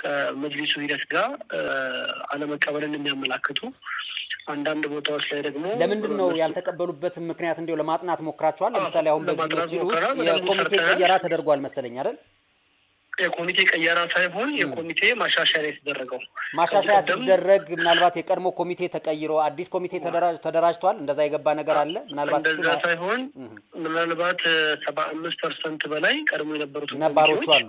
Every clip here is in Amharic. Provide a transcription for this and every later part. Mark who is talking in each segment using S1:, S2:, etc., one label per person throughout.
S1: ከመጅሊሱ ሂደት ጋር አለመቀበልን የሚያመላክቱ አንዳንድ ቦታዎች ላይ ደግሞ
S2: ለምንድን ነው ያልተቀበሉበት ምክንያት እንዲው ለማጥናት ሞክራቸዋል ለምሳሌ አሁን በዚህ መስጂድ ውስጥ የኮሚቴ ቀየራ ተደርጓል መሰለኝ አይደል?
S1: የኮሚቴ ቀየራ ሳይሆን የኮሚቴ ማሻሻያ የተደረገው
S2: ማሻሻያ ሲደረግ ምናልባት የቀድሞ ኮሚቴ ተቀይሮ አዲስ ኮሚቴ ተደራጅቷል። እንደዛ የገባ ነገር አለ። ምናልባት
S1: ሳይሆን ምናልባት ሰባ አምስት ፐርሰንት በላይ ቀድሞ የነበሩት
S2: ነባሮቹ አሉ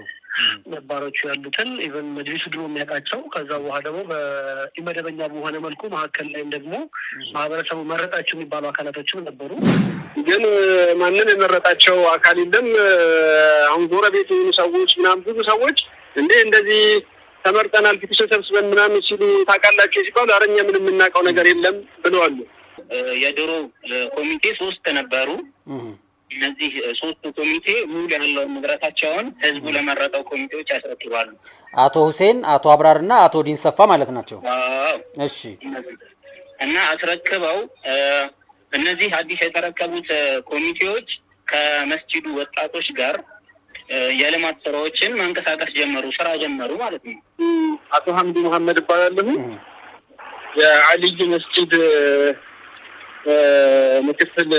S1: ነባሮቹ ያሉትን ኢቨን መጅሊሱ ድሮ የሚያውቃቸው ከዛ በኋላ ደግሞ በኢመደበኛ በሆነ መልኩ መካከል ላይም ደግሞ ማህበረሰቡ መረጣቸው የሚባሉ አካላቶችም ነበሩ። ግን ማንም የመረጣቸው አካል የለም። አሁን ጎረቤት የሆኑ ሰዎች ምናምን ብዙ ሰዎች እንዴ እንደዚህ ተመርጠናል ፊቱ ሰብስበን ምናምን ሲሉ ታውቃላቸው ሲባሉ አረ እኛ ምን የምናውቀው ነገር የለም ብለዋሉ።
S3: የድሮ ኮሚቴ ሶስት ነበሩ እነዚህ ሶስቱ ኮሚቴ ሙሉ ያለውን ንብረታቸውን ህዝቡ ለመረጠው ኮሚቴዎች ያስረክባሉ።
S2: አቶ ሁሴን፣ አቶ አብራር እና አቶ ዲንሰፋ ማለት ናቸው። እሺ።
S3: እና አስረክበው እነዚህ አዲስ የተረከቡት ኮሚቴዎች ከመስጂዱ ወጣቶች ጋር የልማት ስራዎችን መንቀሳቀስ ጀመሩ፣ ስራ ጀመሩ ማለት ነው።
S1: አቶ ሀምዲ መሀመድ እባላለሁ። የአልይ መስጂድ ምክትል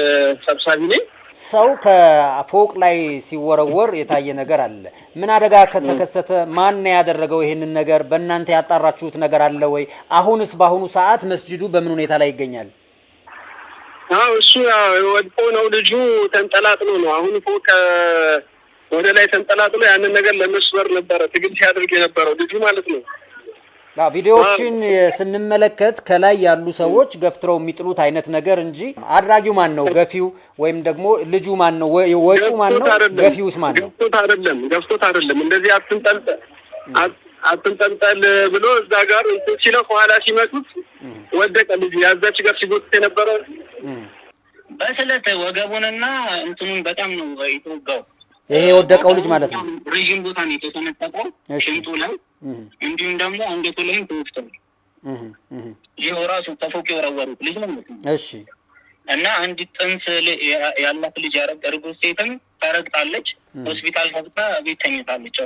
S1: ሰብሳቢ ነኝ።
S2: ሰው ከፎቅ ላይ ሲወረወር የታየ ነገር አለ። ምን አደጋ ከተከሰተ ማን ያደረገው ይህንን ነገር? በእናንተ ያጣራችሁት ነገር አለ ወይ? አሁንስ በአሁኑ ሰዓት መስጅዱ በምን ሁኔታ ላይ ይገኛል?
S1: አዎ እሱ ወድቆ ነው ልጁ ተንጠላጥሎ ነው። አሁን ፎቅ ወደ ላይ ተንጠላጥሎ ያንን ነገር ለመስበር ነበረ ትግል ሲያደርግ የነበረው ልጁ ማለት ነው።
S2: ቪዲዮዎችን ስንመለከት ከላይ ያሉ ሰዎች ገፍትረው የሚጥሉት አይነት ነገር እንጂ አድራጊው ማን ነው? ገፊው ወይም ደግሞ ልጁ ማን ነው? ወጪው ማን ነው? ገፊውስ ማን ነው?
S1: ገፍቶት አይደለም፣ ገፍቶት አይደለም። እንደዚህ አትንጠልጠል አትንጠልጠል ብሎ እዛ ጋር እንትን ሲለው ከኋላ ሲመቱት ወደቀ ልጁ። ያዛች ጋር ሲጎት የነበረ
S3: በስለት ወገቡንና እንትኑን በጣም ነው የተወጋው።
S2: ይሄ የወደቀው ልጅ ማለት ነው።
S3: ረዥም ቦታ ነው የተሰነጠቀው ሽንጡ ላይ እንዲሁም ደግሞ አንገቱ ላይ ተወፍቷል። ይህ ራሱ ከፎቅ የወረወሩት ልጅ ነው ማለት እሺ እና አንድ ጥንስ ያላት ልጅ ያረግ እርጉዝ ሴትም ታረግጣለች ሆስፒታል ገብታ ቤት ተኝታለች።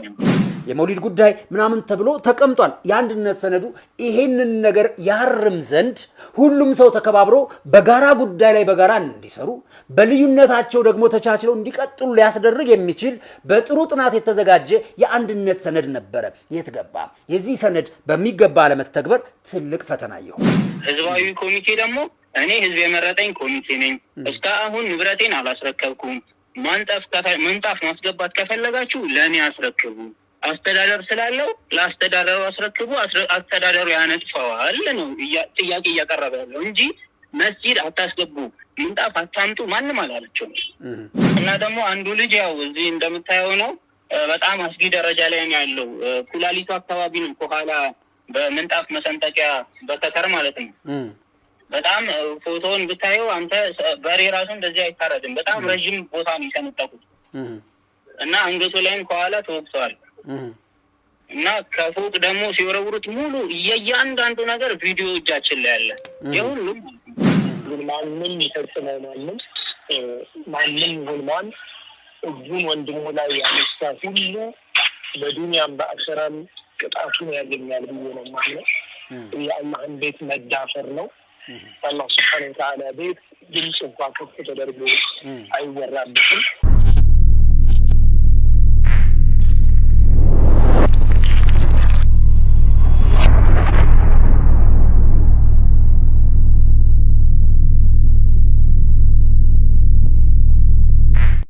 S2: የመውሊድ ጉዳይ ምናምን ተብሎ ተቀምጧል የአንድነት ሰነዱ። ይሄንን ነገር ያርም ዘንድ ሁሉም ሰው ተከባብሮ በጋራ ጉዳይ ላይ በጋራ እንዲሰሩ፣ በልዩነታቸው ደግሞ ተቻችለው እንዲቀጥሉ ሊያስደርግ የሚችል በጥሩ ጥናት የተዘጋጀ የአንድነት ሰነድ ነበረ። የት ገባ? የዚህ ሰነድ በሚገባ አለመተግበር ትልቅ ፈተና ይሆን።
S3: ህዝባዊ ኮሚቴ ደግሞ እኔ ህዝብ የመረጠኝ ኮሚቴ ነኝ፣ እስከ አሁን ንብረቴን አላስረከብኩም ምንጣፍ ማስገባት ከፈለጋችሁ ለእኔ አስረክቡ። አስተዳደር ስላለው ለአስተዳደሩ አስረክቡ። አስተዳደሩ ያነጥፈዋል ነው ጥያቄ እያቀረበ ያለው እንጂ መስጂድ አታስገቡ፣ ምንጣፍ አታምጡ ማንም አላለችው። እና ደግሞ አንዱ ልጅ ያው እዚህ እንደምታየው ነው። በጣም አስጊ ደረጃ ላይ ነው ያለው። ኩላሊቱ አካባቢ ነው ከኋላ በምንጣፍ መሰንጠቂያ በከተር ማለት ነው በጣም ፎቶውን ብታየው አንተ በሬ ራሱ እንደዚህ አይታረድም። በጣም ረዥም ቦታ ነው የሰነጠቁት እና አንገቱ ላይም ከኋላ ተወቅተዋል እና ከፎቅ ደግሞ ሲወረውሩት ሙሉ የእያንዳንዱ ነገር ቪዲዮ እጃችን ላይ ያለ የሁሉም ማንም ይፈጽመው ማንም ማንም ጉልማን እጁን ወንድሙ ላይ ያነሳ ሁሉ በዱኒያም በአሰራም ቅጣቱን ያገኛል ብዬ ነው ማለት የአላህን ቤት መዳፈር ነው። በአላህ ስብሐነ ወተዓላ ቤት ድምፅ እንኳ ከፍ ተደርጎ አይወራበትም።